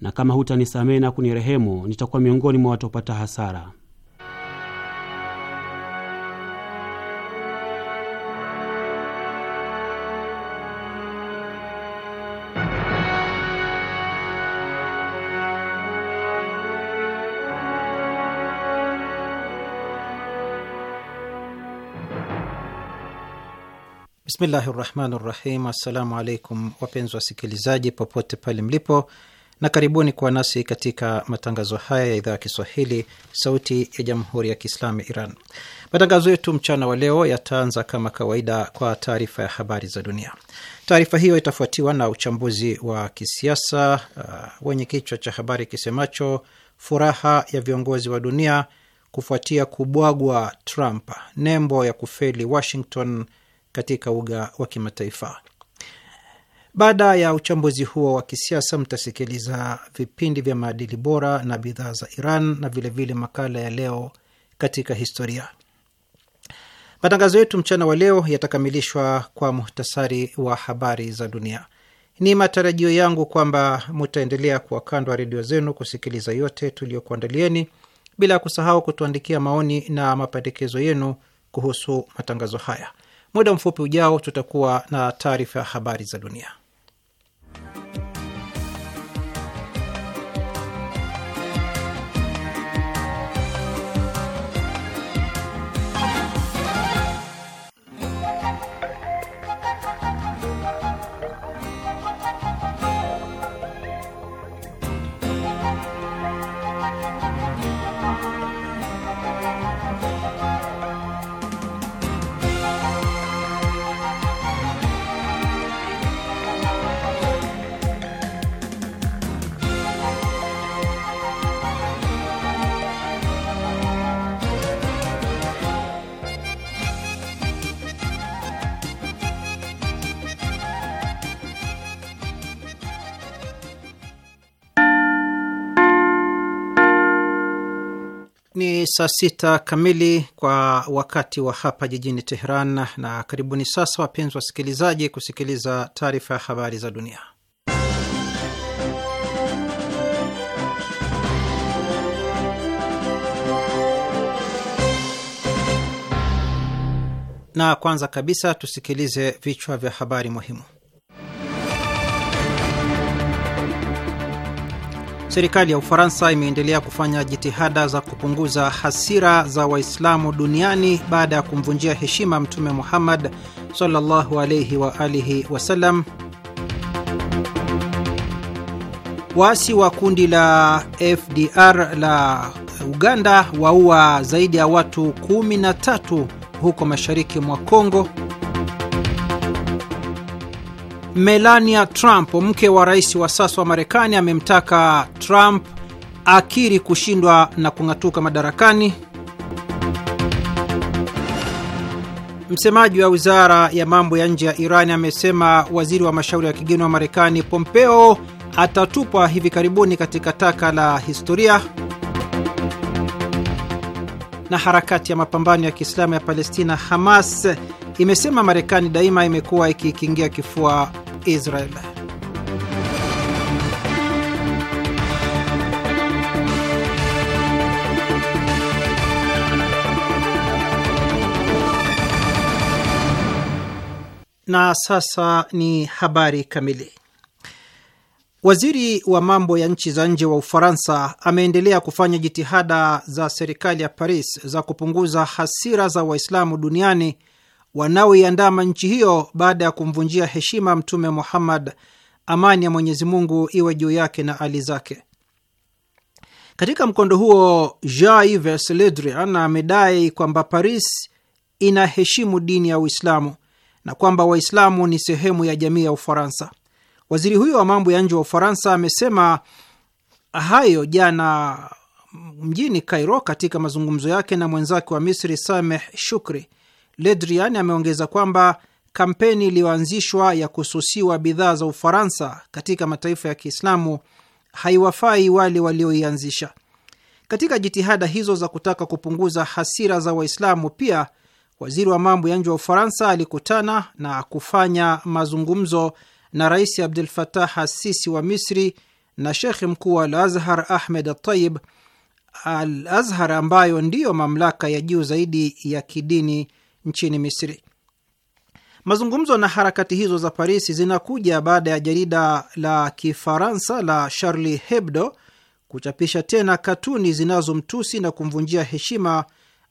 na kama hutanisamehe na kunirehemu nitakuwa miongoni mwa watopata hasara. Bismillahi rahmani rahim. Assalamu alaikum wapenzi wasikilizaji, popote pale mlipo na karibuni kuwa nasi katika matangazo haya ya idhaa ya Kiswahili, Sauti ya Jamhuri ya Kiislamu Iran. Matangazo yetu mchana wa leo yataanza kama kawaida kwa taarifa ya habari za dunia. Taarifa hiyo itafuatiwa na uchambuzi wa kisiasa uh, wenye kichwa cha habari kisemacho furaha ya viongozi wa dunia kufuatia kubwagwa Trump, nembo ya kufeli Washington katika uga wa kimataifa. Baada ya uchambuzi huo wa kisiasa, mtasikiliza vipindi vya maadili bora na bidhaa za Iran na vilevile vile makala ya leo katika historia. Matangazo yetu mchana wa leo yatakamilishwa kwa muhtasari wa habari za dunia. Ni matarajio yangu kwamba mutaendelea kuwa kando redio zenu kusikiliza yote tuliyokuandalieni, bila ya kusahau kutuandikia maoni na mapendekezo yenu kuhusu matangazo haya. Muda mfupi ujao, tutakuwa na taarifa ya habari za dunia. saa sita kamili kwa wakati wa hapa jijini Teheran, na karibuni sasa wapenzi wasikilizaji, kusikiliza taarifa ya habari za dunia. Na kwanza kabisa tusikilize vichwa vya habari muhimu. Serikali ya Ufaransa imeendelea kufanya jitihada za kupunguza hasira za Waislamu duniani baada ya kumvunjia heshima Mtume Muhammad sallallahu alaihi wa alihi wasallam. Waasi wa kundi la FDR la Uganda waua zaidi ya watu 13 huko mashariki mwa Kongo. Melania Trump, mke wa rais wa sasa wa Marekani, amemtaka Trump akiri kushindwa na kung'atuka madarakani. Msemaji wa wizara ya mambo ya nje ya Iran amesema waziri wa mashauri ya kigeni wa Marekani Pompeo atatupwa hivi karibuni katika taka la historia. Na harakati ya mapambano ya Kiislamu ya Palestina Hamas imesema Marekani daima imekuwa ikikingia kifua Israel. Na sasa ni habari kamili. Waziri wa mambo ya nchi za nje wa Ufaransa ameendelea kufanya jitihada za serikali ya Paris za kupunguza hasira za Waislamu duniani wanaoiandama nchi hiyo baada ya kumvunjia heshima Mtume Muhammad, amani ya Mwenyezi Mungu iwe juu yake na ali zake. Katika mkondo huo, Jean-Yves Le Drian amedai kwamba Paris inaheshimu dini ya Uislamu na kwamba Waislamu ni sehemu ya jamii ya Ufaransa. Waziri huyo wa mambo ya nje wa Ufaransa amesema hayo jana mjini cairo katika mazungumzo yake na mwenzake wa Misri Sameh Shukri Ledrian ameongeza kwamba kampeni iliyoanzishwa ya kususiwa bidhaa za Ufaransa katika mataifa ya Kiislamu haiwafai wale walioianzisha. Katika jitihada hizo za kutaka kupunguza hasira za Waislamu, pia waziri wa mambo ya nje wa Ufaransa alikutana na kufanya mazungumzo na Rais Abdul Fatah Assisi wa Misri na Shekhe mkuu wa alazhar Ahmed Atayib Al Azhar, ambayo ndiyo mamlaka ya juu zaidi ya kidini nchini Misri. Mazungumzo na harakati hizo za parisi zinakuja baada ya jarida la Kifaransa la Charlie Hebdo kuchapisha tena katuni zinazomtusi na kumvunjia heshima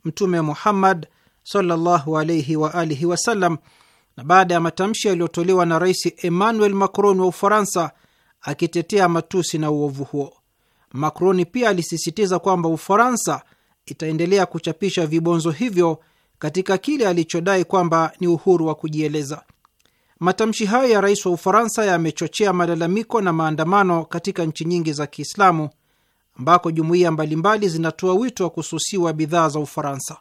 Mtume Muhammad sallallahu alaihi wa alihi wasallam, na baada ya matamshi yaliyotolewa na Rais Emmanuel Macron wa Ufaransa akitetea matusi na uovu huo. Macron pia alisisitiza kwamba Ufaransa itaendelea kuchapisha vibonzo hivyo katika kile alichodai kwamba ni uhuru wa kujieleza. Matamshi hayo ya rais wa Ufaransa yamechochea malalamiko na maandamano katika nchi nyingi za Kiislamu ambako jumuiya mbalimbali zinatoa wito wa kususiwa bidhaa za Ufaransa.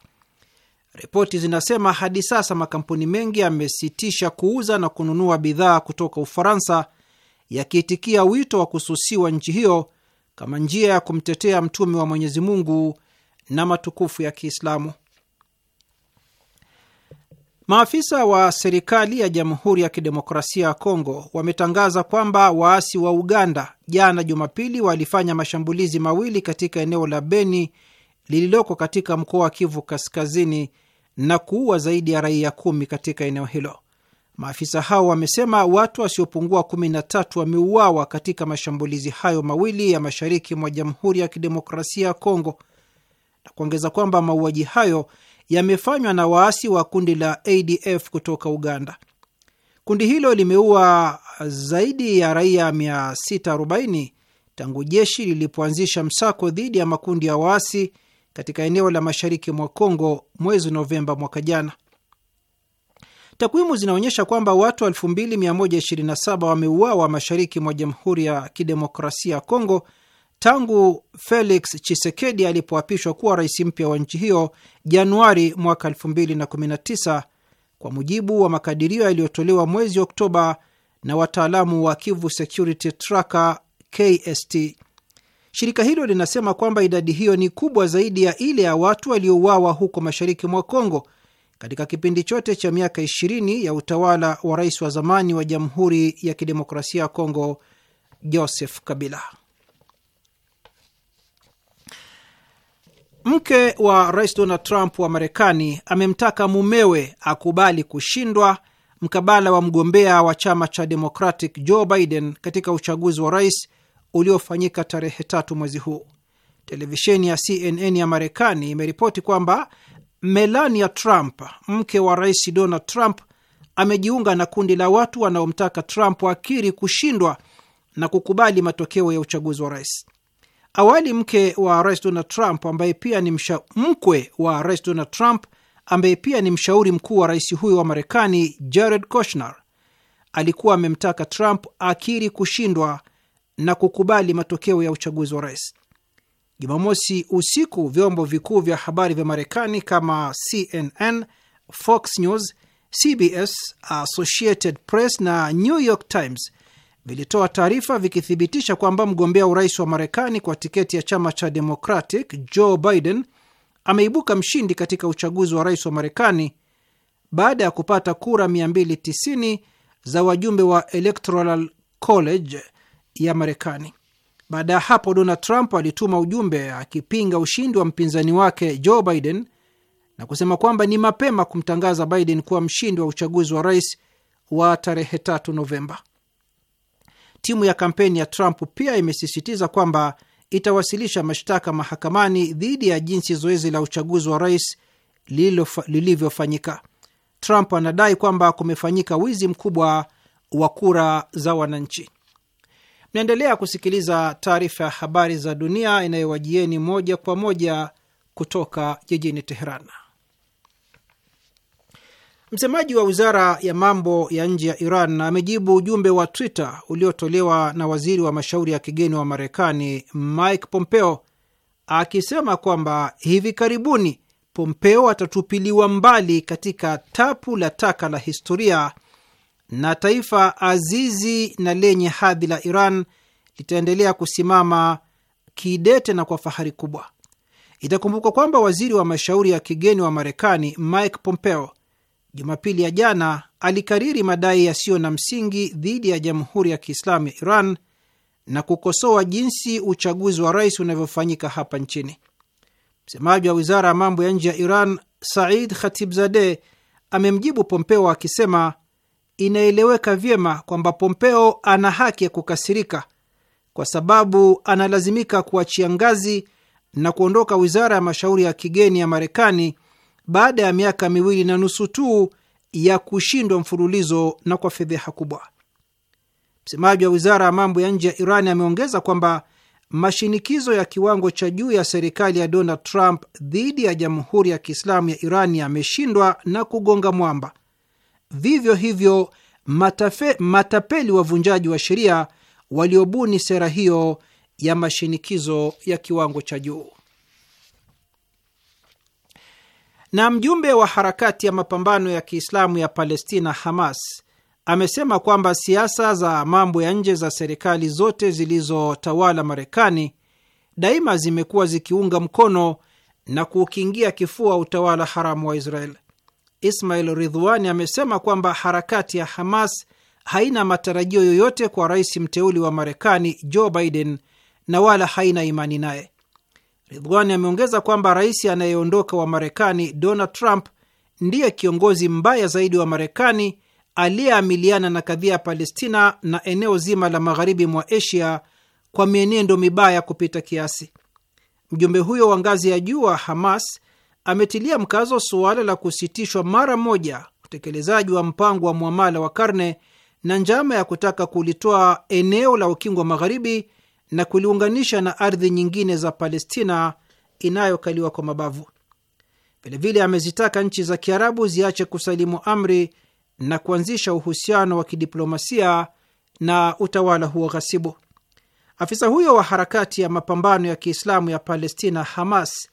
Ripoti zinasema hadi sasa makampuni mengi yamesitisha kuuza na kununua bidhaa kutoka Ufaransa, yakiitikia wito wa kususiwa nchi hiyo kama njia ya kumtetea mtume wa Mwenyezi Mungu na matukufu ya Kiislamu. Maafisa wa serikali ya Jamhuri ya Kidemokrasia ya Kongo wametangaza kwamba waasi wa Uganda jana Jumapili walifanya mashambulizi mawili katika eneo la Beni lililoko katika mkoa wa Kivu Kaskazini na kuua zaidi ya raia kumi katika eneo hilo. Maafisa hao wamesema watu wasiopungua 13 wameuawa katika mashambulizi hayo mawili ya mashariki mwa Jamhuri ya Kidemokrasia ya Kongo na kuongeza kwamba mauaji hayo yamefanywa na waasi wa kundi la ADF kutoka Uganda. Kundi hilo limeua zaidi ya raia 640 tangu jeshi lilipoanzisha msako dhidi ya makundi ya waasi katika eneo la mashariki mwa Kongo mwezi Novemba mwaka jana. Takwimu zinaonyesha kwamba watu 2127 wameuawa mashariki mwa Jamhuri ya Kidemokrasia ya Kongo tangu Felix Chisekedi alipoapishwa kuwa rais mpya wa nchi hiyo Januari mwaka 2019 kwa mujibu wa makadirio yaliyotolewa mwezi Oktoba na wataalamu wa Kivu Security Tracker KST. Shirika hilo linasema kwamba idadi hiyo ni kubwa zaidi ya ile ya watu waliouawa huko mashariki mwa Kongo katika kipindi chote cha miaka 20 ya utawala wa rais wa zamani wa Jamhuri ya Kidemokrasia ya Kongo Joseph Kabila. Mke wa Rais Donald Trump wa Marekani amemtaka mumewe akubali kushindwa mkabala wa mgombea wa chama cha Democratic Joe Biden katika uchaguzi wa rais uliofanyika tarehe tatu mwezi huu. Televisheni ya CNN ya Marekani imeripoti kwamba Melania Trump, mke wa Rais Donald Trump, amejiunga na kundi la watu wanaomtaka Trump akiri kushindwa na kukubali matokeo ya uchaguzi wa rais. Awali mke wa rais Donald Trump ambaye pia ni msha, mkwe wa rais Donald Trump ambaye pia ni mshauri mkuu wa rais huyo wa Marekani Jared Kushner alikuwa amemtaka Trump akiri kushindwa na kukubali matokeo ya uchaguzi wa rais. Jumamosi usiku vyombo vikuu vya habari vya Marekani kama CNN, Fox News, CBS, Associated Press na New York Times vilitoa taarifa vikithibitisha kwamba mgombea urais wa Marekani kwa tiketi ya chama cha Democratic Joe Biden ameibuka mshindi katika uchaguzi wa rais wa Marekani baada ya kupata kura 290 za wajumbe wa Electoral College ya Marekani. Baada ya hapo, Donald Trump alituma ujumbe akipinga ushindi wa mpinzani wake Joe Biden na kusema kwamba ni mapema kumtangaza Biden kuwa mshindi wa uchaguzi wa rais wa tarehe 3 Novemba timu ya kampeni ya Trump pia imesisitiza kwamba itawasilisha mashtaka mahakamani dhidi ya jinsi zoezi la uchaguzi wa rais lilivyofanyika. Trump anadai kwamba kumefanyika wizi mkubwa wa kura za wananchi. Mnaendelea kusikiliza taarifa ya habari za dunia inayowajieni moja kwa moja kutoka jijini Teheran. Msemaji wa wizara ya mambo ya nje ya Iran amejibu ujumbe wa Twitter uliotolewa na waziri wa mashauri ya kigeni wa Marekani Mike Pompeo akisema kwamba hivi karibuni Pompeo atatupiliwa mbali katika tapu la taka la historia na taifa azizi na lenye hadhi la Iran litaendelea kusimama kidete na kwa fahari kubwa. Itakumbukwa kwamba waziri wa mashauri ya kigeni wa Marekani Mike Pompeo Jumapili ya jana alikariri madai yasiyo na msingi dhidi ya Jamhuri ya Kiislamu ya Iran na kukosoa jinsi uchaguzi wa rais unavyofanyika hapa nchini. Msemaji wa wizara ya mambo ya nje ya Iran, Said Khatibzadeh, amemjibu Pompeo akisema inaeleweka vyema kwamba Pompeo ana haki ya kukasirika kwa sababu analazimika kuachia ngazi na kuondoka wizara ya mashauri ya kigeni ya Marekani baada ya miaka miwili na nusu tu ya kushindwa mfululizo na kwa fedheha kubwa. Msemaji wa wizara ya mambo ya nje ya Iran ameongeza kwamba mashinikizo ya kiwango cha juu ya serikali ya Donald Trump dhidi ya Jamhuri ya Kiislamu ya Iran yameshindwa na kugonga mwamba. Vivyo hivyo matafe, matapeli wavunjaji wa sheria waliobuni sera hiyo ya mashinikizo ya kiwango cha juu. Na mjumbe wa harakati ya mapambano ya Kiislamu ya Palestina, Hamas, amesema kwamba siasa za mambo ya nje za serikali zote zilizotawala Marekani daima zimekuwa zikiunga mkono na kuukingia kifua utawala haramu wa Israel. Ismail Ridhwani amesema kwamba harakati ya Hamas haina matarajio yoyote kwa rais mteuli wa Marekani Joe Biden na wala haina imani naye. Ridhwani ameongeza kwamba rais anayeondoka wa Marekani Donald Trump ndiye kiongozi mbaya zaidi wa Marekani aliyeamiliana na kadhia ya Palestina na eneo zima la magharibi mwa Asia kwa mienendo mibaya kupita kiasi. Mjumbe huyo wa ngazi ya juu wa Hamas ametilia mkazo suala la kusitishwa mara moja utekelezaji wa mpango wa mwamala wa karne na njama ya kutaka kulitoa eneo la ukingo wa magharibi na kuliunganisha na ardhi nyingine za Palestina inayokaliwa kwa mabavu. Vilevile amezitaka nchi za Kiarabu ziache kusalimu amri na kuanzisha uhusiano wa kidiplomasia na utawala huo ghasibu. Afisa huyo wa harakati ya mapambano ya Kiislamu ya Palestina, Hamas,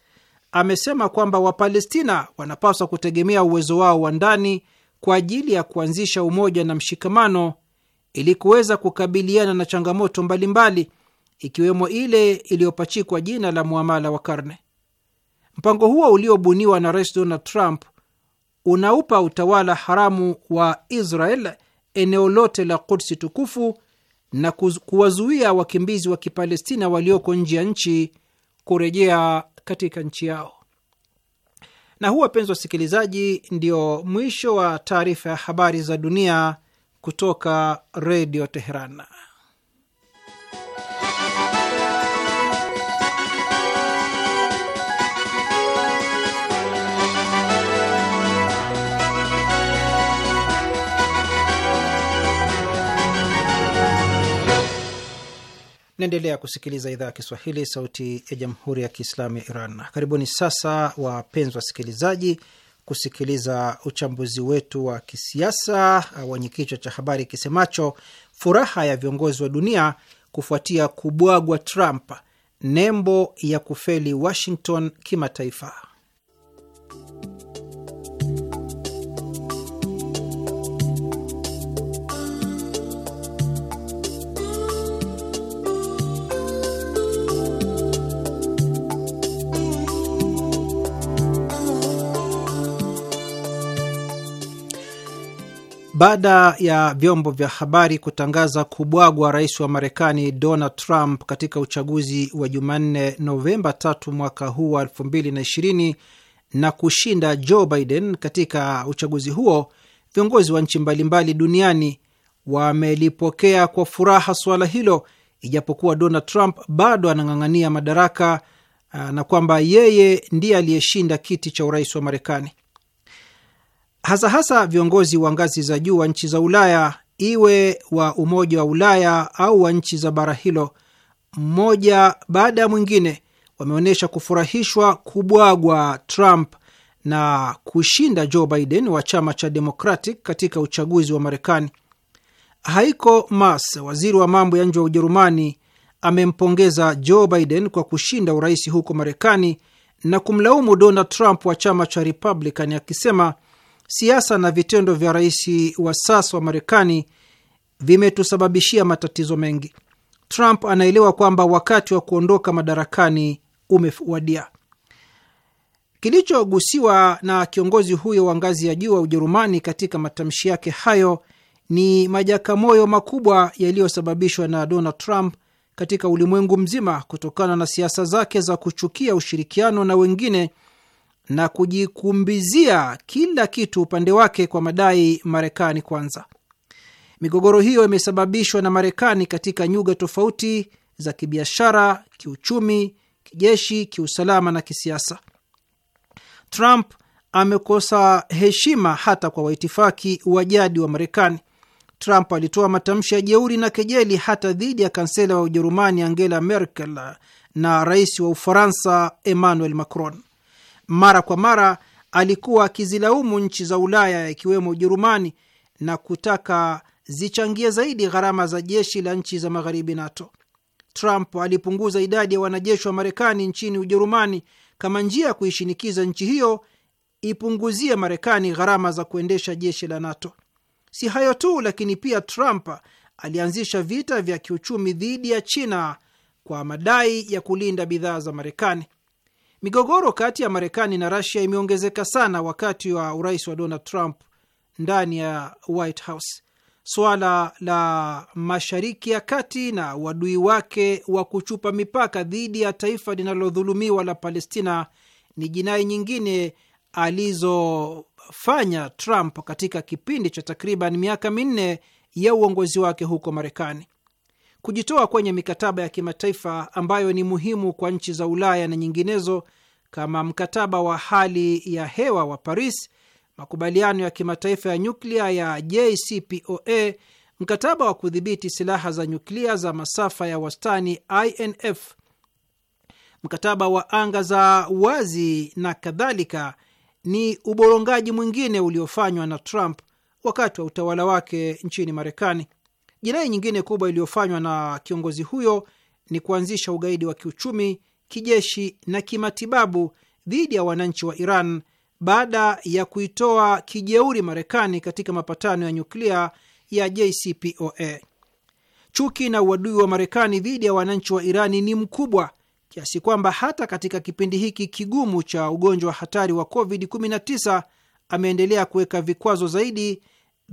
amesema kwamba Wapalestina wanapaswa kutegemea uwezo wao wa ndani kwa ajili ya kuanzisha umoja na mshikamano ili kuweza kukabiliana na changamoto mbalimbali ikiwemo ile iliyopachikwa jina la muamala wa karne. Mpango huo uliobuniwa na Rais Donald Trump unaupa utawala haramu wa Israel eneo lote la Kudsi tukufu na kuwazuia wakimbizi wa Kipalestina walioko nje ya nchi kurejea katika nchi yao. Na huu, wapenzi wasikilizaji, ndio mwisho wa taarifa ya habari za dunia kutoka Redio Teheran. naendelea kusikiliza idhaa ya Kiswahili, sauti ya jamhuri ya kiislamu ya Iran. Karibuni sasa, wapenzi wasikilizaji, kusikiliza uchambuzi wetu wa kisiasa uh, wenye kichwa cha habari kisemacho furaha ya viongozi wa dunia kufuatia kubwagwa Trump, nembo ya kufeli Washington kimataifa. Baada ya vyombo vya habari kutangaza kubwagwa rais wa Marekani Donald Trump katika uchaguzi wa Jumanne, Novemba 3 mwaka huu wa 2020 na kushinda Joe Biden katika uchaguzi huo, viongozi wa nchi mbalimbali duniani wamelipokea kwa furaha suala hilo, ijapokuwa Donald Trump bado anang'ang'ania madaraka ah, na kwamba yeye ndiye aliyeshinda kiti cha urais wa Marekani hasa hasa viongozi wa ngazi za juu wa nchi za Ulaya, iwe wa Umoja wa Ulaya au wa nchi za bara hilo, mmoja baada ya mwingine wameonyesha kufurahishwa kubwagwa Trump na kushinda Joe Biden wa chama cha Democratic katika uchaguzi wa Marekani. Heiko Maas, waziri wa mambo ya nje wa Ujerumani, amempongeza Joe Biden kwa kushinda urais huko Marekani na kumlaumu Donald Trump wa chama cha Republican akisema siasa na vitendo vya rais wa sasa wa Marekani vimetusababishia matatizo mengi. Trump anaelewa kwamba wakati wa kuondoka madarakani umewadia. Kilichogusiwa na kiongozi huyo wa ngazi ya juu wa Ujerumani katika matamshi yake hayo ni majakamoyo makubwa yaliyosababishwa na Donald Trump katika ulimwengu mzima kutokana na siasa zake za kuchukia ushirikiano na wengine na kujikumbizia kila kitu upande wake kwa madai Marekani kwanza. Migogoro hiyo imesababishwa na Marekani katika nyuga tofauti za kibiashara, kiuchumi, kijeshi, kiusalama na kisiasa. Trump amekosa heshima hata kwa waitifaki wa jadi wa Marekani. Trump alitoa matamshi ya jeuri na kejeli hata dhidi ya kansela wa Ujerumani Angela Merkel na rais wa Ufaransa Emmanuel Macron. Mara kwa mara alikuwa akizilaumu nchi za Ulaya ikiwemo Ujerumani na kutaka zichangie zaidi gharama za jeshi la nchi za magharibi NATO. Trump alipunguza idadi ya wanajeshi wa Marekani nchini Ujerumani kama njia ya kuishinikiza nchi hiyo ipunguzie Marekani gharama za kuendesha jeshi la NATO. Si hayo tu, lakini pia Trump alianzisha vita vya kiuchumi dhidi ya China kwa madai ya kulinda bidhaa za Marekani. Migogoro kati ya Marekani na Rasia imeongezeka sana wakati wa urais wa Donald Trump ndani ya White House. Swala la Mashariki ya Kati na uadui wake wa kuchupa mipaka dhidi ya taifa linalodhulumiwa la Palestina ni jinai nyingine alizofanya Trump katika kipindi cha takriban miaka minne ya uongozi wake huko Marekani kujitoa kwenye mikataba ya kimataifa ambayo ni muhimu kwa nchi za Ulaya na nyinginezo kama mkataba wa hali ya hewa wa Paris, makubaliano ya kimataifa ya nyuklia ya JCPOA, mkataba wa kudhibiti silaha za nyuklia za masafa ya wastani INF, mkataba wa anga za wazi na kadhalika, ni uborongaji mwingine uliofanywa na Trump wakati wa utawala wake nchini Marekani. Jinai nyingine kubwa iliyofanywa na kiongozi huyo ni kuanzisha ugaidi wa kiuchumi, kijeshi na kimatibabu dhidi ya wananchi wa Iran baada ya kuitoa kijeuri Marekani katika mapatano ya nyuklia ya JCPOA. Chuki na uadui wa Marekani dhidi ya wananchi wa Irani ni mkubwa kiasi kwamba hata katika kipindi hiki kigumu cha ugonjwa hatari wa COVID-19 ameendelea kuweka vikwazo zaidi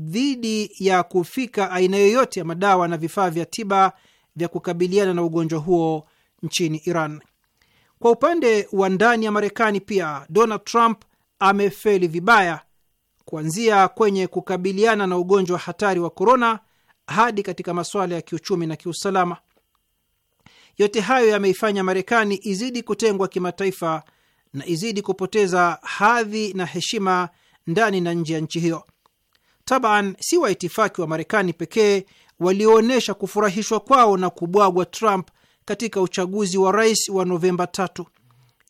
dhidi ya kufika aina yoyote ya madawa na vifaa vya tiba vya kukabiliana na ugonjwa huo nchini Iran. Kwa upande wa ndani ya Marekani pia, Donald Trump amefeli vibaya, kuanzia kwenye kukabiliana na ugonjwa hatari wa korona hadi katika masuala ya kiuchumi na kiusalama. Yote hayo yameifanya Marekani izidi kutengwa kimataifa na izidi kupoteza hadhi na heshima ndani na nje ya nchi hiyo. Taban si waitifaki wa Marekani pekee walioonyesha kufurahishwa kwao na kubwagwa Trump katika uchaguzi wa rais wa Novemba tatu.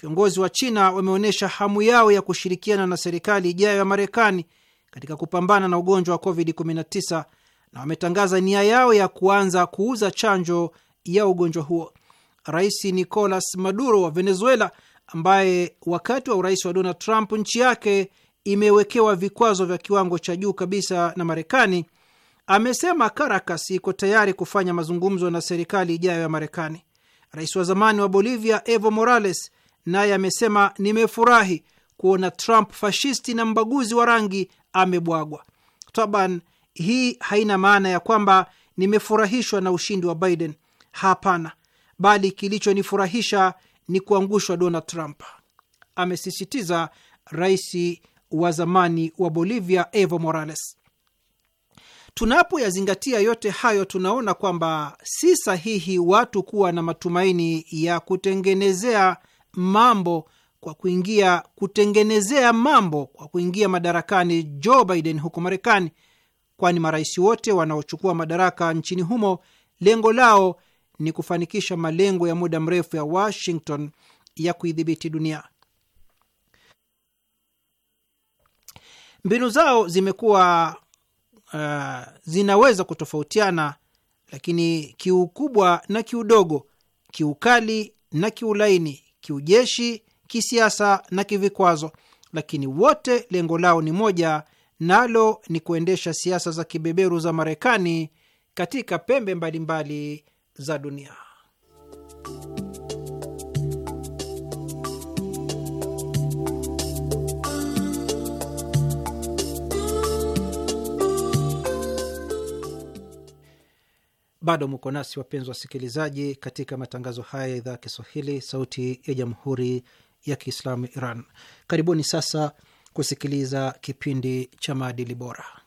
Viongozi wa China wameonyesha hamu yao ya kushirikiana na serikali ijayo ya Marekani katika kupambana na ugonjwa wa COVID-19 na wametangaza nia yao ya kuanza kuuza chanjo ya ugonjwa huo. Rais Nicolas Maduro wa Venezuela, ambaye wakati wa urais wa Donald Trump nchi yake imewekewa vikwazo vya kiwango cha juu kabisa na Marekani, amesema Caracas iko tayari kufanya mazungumzo na serikali ijayo ya Marekani. Rais wa zamani wa Bolivia Evo Morales naye amesema, nimefurahi kuona Trump fashisti na mbaguzi wa rangi amebwagwa. Taban, hii haina maana ya kwamba nimefurahishwa na ushindi wa Biden. Hapana, bali kilichonifurahisha ni kuangushwa Donald Trump, amesisitiza raisi wa zamani wa Bolivia Evo Morales. Tunapoyazingatia yote hayo, tunaona kwamba si sahihi watu kuwa na matumaini ya kutengenezea mambo kwa kuingia kutengenezea mambo kwa kuingia madarakani Joe Biden huko Marekani, kwani marais wote wanaochukua madaraka nchini humo lengo lao ni kufanikisha malengo ya muda mrefu ya Washington ya kuidhibiti dunia. Mbinu zao zimekuwa uh, zinaweza kutofautiana, lakini kiukubwa na kiudogo kiukali na kiulaini, kiujeshi, kisiasa na kivikwazo, lakini wote lengo lao ni moja, nalo ni kuendesha siasa za kibeberu za Marekani katika pembe mbalimbali mbali za dunia. Bado mko nasi wapenzi wasikilizaji, katika matangazo haya ya idhaa ya Kiswahili, Sauti ya Jamhuri ya Kiislamu Iran. Karibuni sasa kusikiliza kipindi cha maadili bora.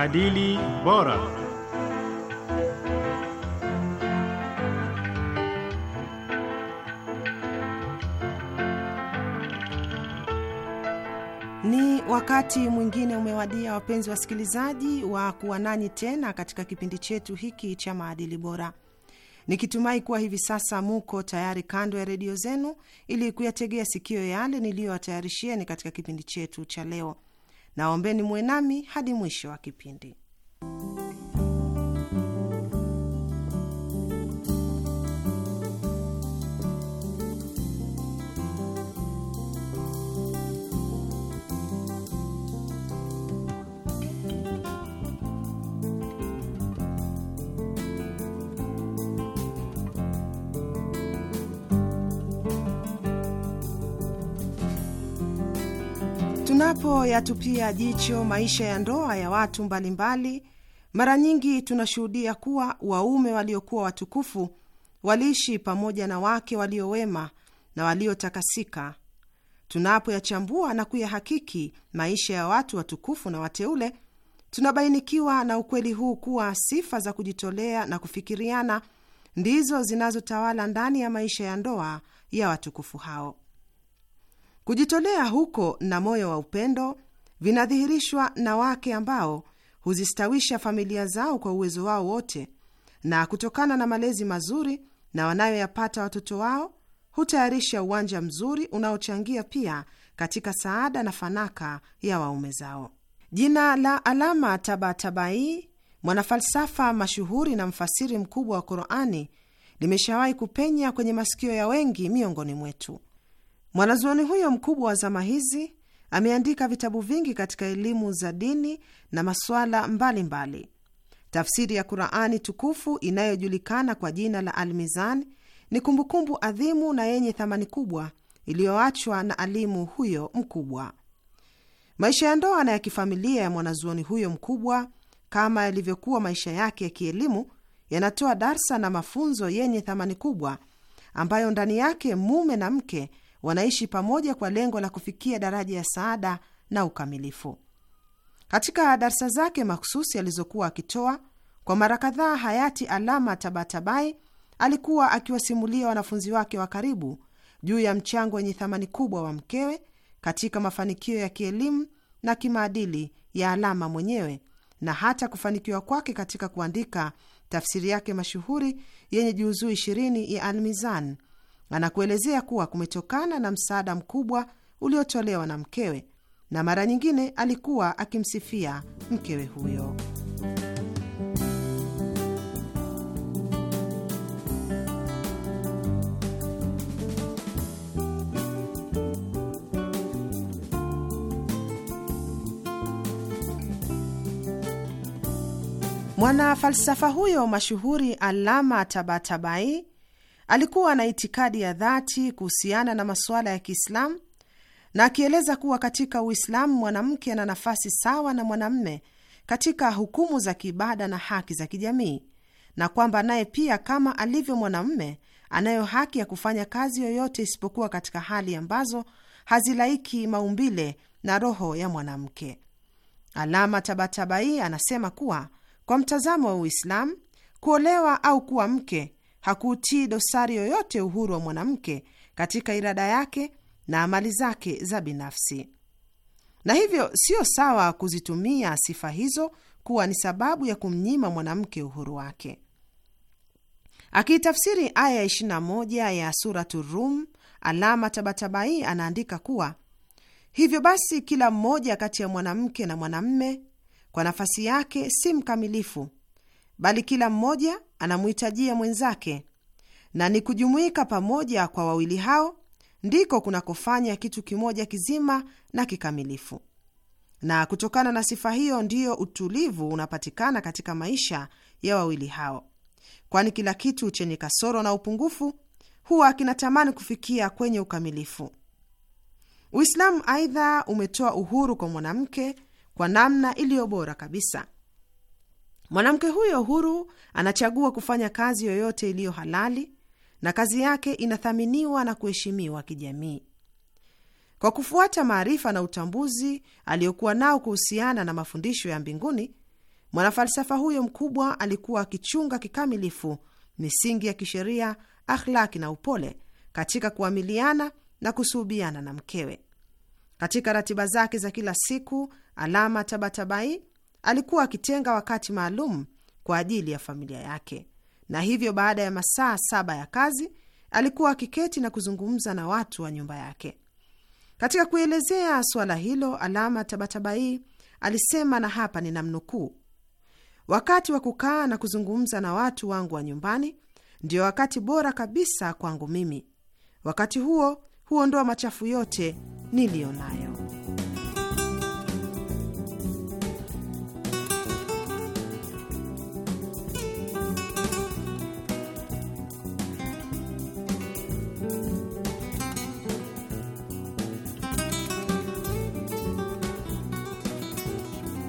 Maadili bora. Ni wakati mwingine umewadia, wapenzi wasikilizaji, wa kuwa nanyi tena katika kipindi chetu hiki cha maadili bora, nikitumai kuwa hivi sasa muko tayari kando ya redio zenu ili kuyategea sikio yale niliyowatayarishieni katika kipindi chetu cha leo. Naombeni mwenami hadi mwisho wa kipindi. Tunapoyatupia jicho maisha ya ndoa ya watu mbalimbali, mara nyingi tunashuhudia kuwa waume waliokuwa watukufu waliishi pamoja na wake waliowema na waliotakasika. Tunapoyachambua na kuyahakiki maisha ya watu watukufu na wateule, tunabainikiwa na ukweli huu kuwa sifa za kujitolea na kufikiriana ndizo zinazotawala ndani ya maisha ya ndoa ya watukufu hao. Kujitolea huko na moyo wa upendo vinadhihirishwa na wake ambao huzistawisha familia zao kwa uwezo wao wote, na kutokana na malezi mazuri na wanayoyapata watoto wao hutayarisha uwanja mzuri unaochangia pia katika saada na fanaka ya waume zao. Jina la Alama Tabatabai, mwanafalsafa mashuhuri na mfasiri mkubwa wa Qurani, limeshawahi kupenya kwenye masikio ya wengi miongoni mwetu. Mwanazuoni huyo mkubwa wa zama hizi ameandika vitabu vingi katika elimu za dini na masuala mbalimbali. Tafsiri ya Qurani tukufu inayojulikana kwa jina la Almizan ni kumbukumbu adhimu na yenye thamani kubwa iliyoachwa na alimu huyo mkubwa. Maisha ya ndoa na ya kifamilia ya mwanazuoni huyo mkubwa, kama yalivyokuwa maisha yake ya kielimu, yanatoa darsa na mafunzo yenye thamani kubwa ambayo ndani yake mume na mke wanaishi pamoja kwa lengo la kufikia daraja ya saada na ukamilifu. Katika darsa zake makhususi alizokuwa akitoa kwa mara kadhaa, hayati Alama Tabatabai alikuwa akiwasimulia wanafunzi wake wa karibu juu ya mchango wenye thamani kubwa wa mkewe katika mafanikio ya kielimu na kimaadili ya Alama mwenyewe na hata kufanikiwa kwake katika kuandika tafsiri yake mashuhuri yenye juzuu ishirini ya Almizan Anakuelezea kuwa kumetokana na msaada mkubwa uliotolewa na mkewe, na mara nyingine alikuwa akimsifia mkewe huyo. Mwanafalsafa huyo mashuhuri Alama Tabatabai Alikuwa na itikadi ya dhati kuhusiana na masuala ya Kiislamu na akieleza kuwa katika Uislamu mwanamke ana nafasi sawa na mwanamme katika hukumu za kiibada na haki za kijamii, na kwamba naye pia kama alivyo mwanamme anayo haki ya kufanya kazi yoyote isipokuwa katika hali ambazo hazilaiki maumbile na roho ya mwanamke. Alama Tabatabai anasema kuwa kwa mtazamo wa Uislamu, kuolewa au kuwa mke hakuutii dosari yoyote uhuru wa mwanamke katika irada yake na amali zake za binafsi, na hivyo siyo sawa kuzitumia sifa hizo kuwa ni sababu ya kumnyima mwanamke uhuru wake. Akiitafsiri aya 21 ya suratu Rum, Alama Tabatabai anaandika kuwa hivyo basi, kila mmoja kati ya mwanamke na mwanamme kwa nafasi yake si mkamilifu, bali kila mmoja anamhitajia mwenzake, na ni kujumuika pamoja kwa wawili hao ndiko kunakofanya kitu kimoja kizima na kikamilifu. Na kutokana na sifa hiyo, ndiyo utulivu unapatikana katika maisha ya wawili hao, kwani kila kitu chenye kasoro na upungufu huwa kinatamani kufikia kwenye ukamilifu. Uislamu aidha umetoa uhuru kwa mwanamke kwa namna iliyo bora kabisa. Mwanamke huyo huru anachagua kufanya kazi yoyote iliyo halali na kazi yake inathaminiwa na kuheshimiwa kijamii. Kwa kufuata maarifa na utambuzi aliyokuwa nao kuhusiana na mafundisho ya mbinguni, mwanafalsafa huyo mkubwa alikuwa akichunga kikamilifu misingi ya kisheria, akhlaki na upole katika kuamiliana na kusuhubiana na mkewe. Katika ratiba zake za kila siku, alama Tabatabai alikuwa akitenga wakati maalum kwa ajili ya familia yake, na hivyo baada ya masaa saba ya kazi alikuwa akiketi na kuzungumza na watu wa nyumba yake. Katika kuelezea suala hilo, Alama Tabatabai alisema, na hapa ni namnukuu: wakati wa kukaa na kuzungumza na watu wangu wa nyumbani ndio wakati bora kabisa kwangu mimi. Wakati huo huondoa machafu yote niliyo nayo.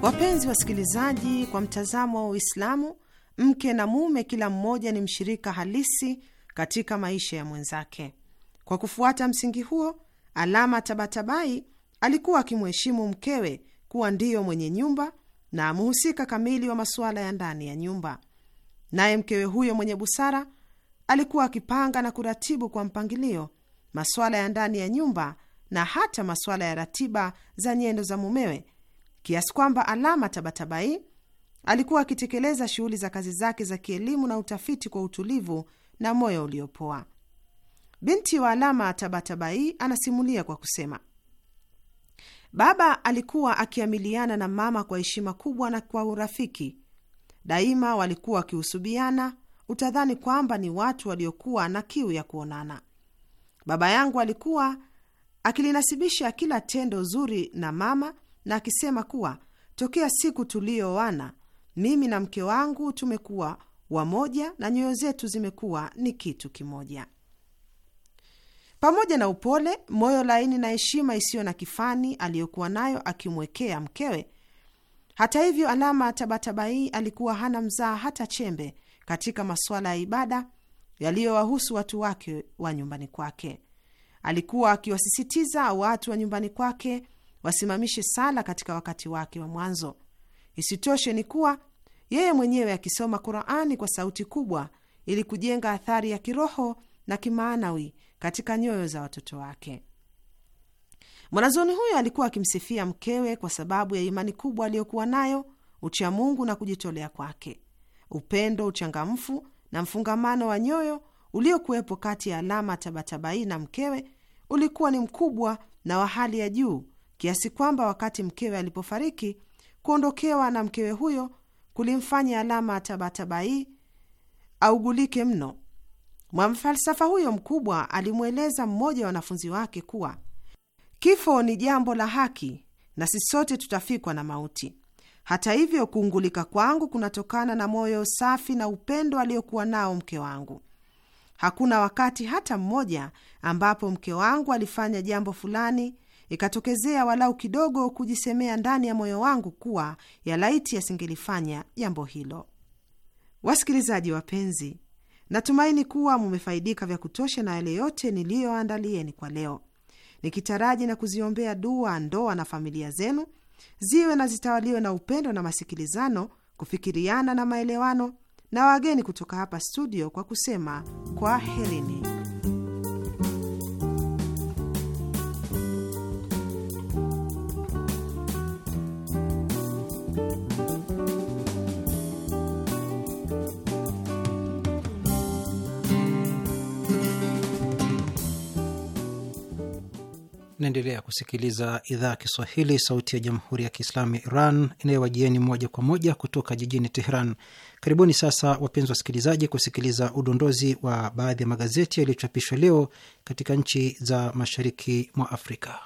Wapenzi wasikilizaji, kwa mtazamo wa Uislamu, mke na mume kila mmoja ni mshirika halisi katika maisha ya mwenzake. Kwa kufuata msingi huo, Alama Tabatabai alikuwa akimheshimu mkewe kuwa ndiyo mwenye nyumba na mhusika kamili wa masuala ya ndani ya nyumba. Naye mkewe huyo mwenye busara alikuwa akipanga na kuratibu kwa mpangilio masuala ya ndani ya nyumba na hata masuala ya ratiba za nyendo za mumewe kiasi kwamba Alama Tabatabai alikuwa akitekeleza shughuli za kazi zake za kielimu na utafiti kwa utulivu na moyo uliopoa. Binti wa Alama Tabatabai anasimulia kwa kusema, baba alikuwa akiamiliana na mama kwa heshima kubwa na kwa urafiki daima. Walikuwa wakihusubiana, utadhani kwamba ni watu waliokuwa na kiu ya kuonana. Baba yangu alikuwa akilinasibisha kila tendo zuri na mama na akisema kuwa tokea siku tuliyoana mimi na mke wangu tumekuwa wamoja na nyoyo zetu zimekuwa ni kitu kimoja. Pamoja na upole, moyo laini na heshima isiyo na kifani aliyokuwa nayo akimwekea mkewe. Hata hivyo, Alama Tabatabai alikuwa hana mzaa hata chembe katika masuala ya ibada yaliyowahusu watu wake wa nyumbani kwake. Alikuwa akiwasisitiza watu wa nyumbani kwake wasimamishe sala katika wakati wake wa mwanzo. Isitoshe ni kuwa yeye mwenyewe akisoma Qurani kwa sauti kubwa ili kujenga athari ya kiroho na kimaanawi katika nyoyo za watoto wake. mwanazoni huyo alikuwa akimsifia mkewe kwa sababu ya imani kubwa aliyokuwa nayo, uchamungu na kujitolea kwake, upendo, uchangamfu na mfungamano wa nyoyo uliokuwepo kati ya Alama Tabatabai na mkewe ulikuwa ni mkubwa na wa hali ya juu kiasi kwamba wakati mkewe alipofariki, kuondokewa na mkewe huyo kulimfanya Alama Tabatabai augulike mno. Mwamfalsafa huyo mkubwa alimweleza mmoja wa wanafunzi wake kuwa kifo ni jambo la haki na sisi sote tutafikwa na mauti. Hata hivyo, kuungulika kwangu kunatokana na moyo safi na upendo aliyokuwa nao mke wangu. Hakuna wakati hata mmoja ambapo mke wangu alifanya jambo fulani ikatokezea walau kidogo kujisemea ndani ya moyo wangu kuwa ya laiti yasingelifanya jambo hilo. Wasikilizaji wapenzi, natumaini kuwa mumefaidika vya kutosha na yale yote niliyoandalieni kwa leo, nikitaraji na kuziombea dua ndoa na familia zenu ziwe na zitawaliwe na upendo na masikilizano, kufikiriana na maelewano, na wageni kutoka hapa studio kwa kusema kwaherini. Naendelea kusikiliza idhaa ya Kiswahili, sauti ya jamhuri ya kiislamu ya Iran inayowajieni moja kwa moja kutoka jijini Teheran. Karibuni sasa, wapenzi wasikilizaji, kusikiliza udondozi wa baadhi ya magazeti yaliyochapishwa leo katika nchi za mashariki mwa Afrika.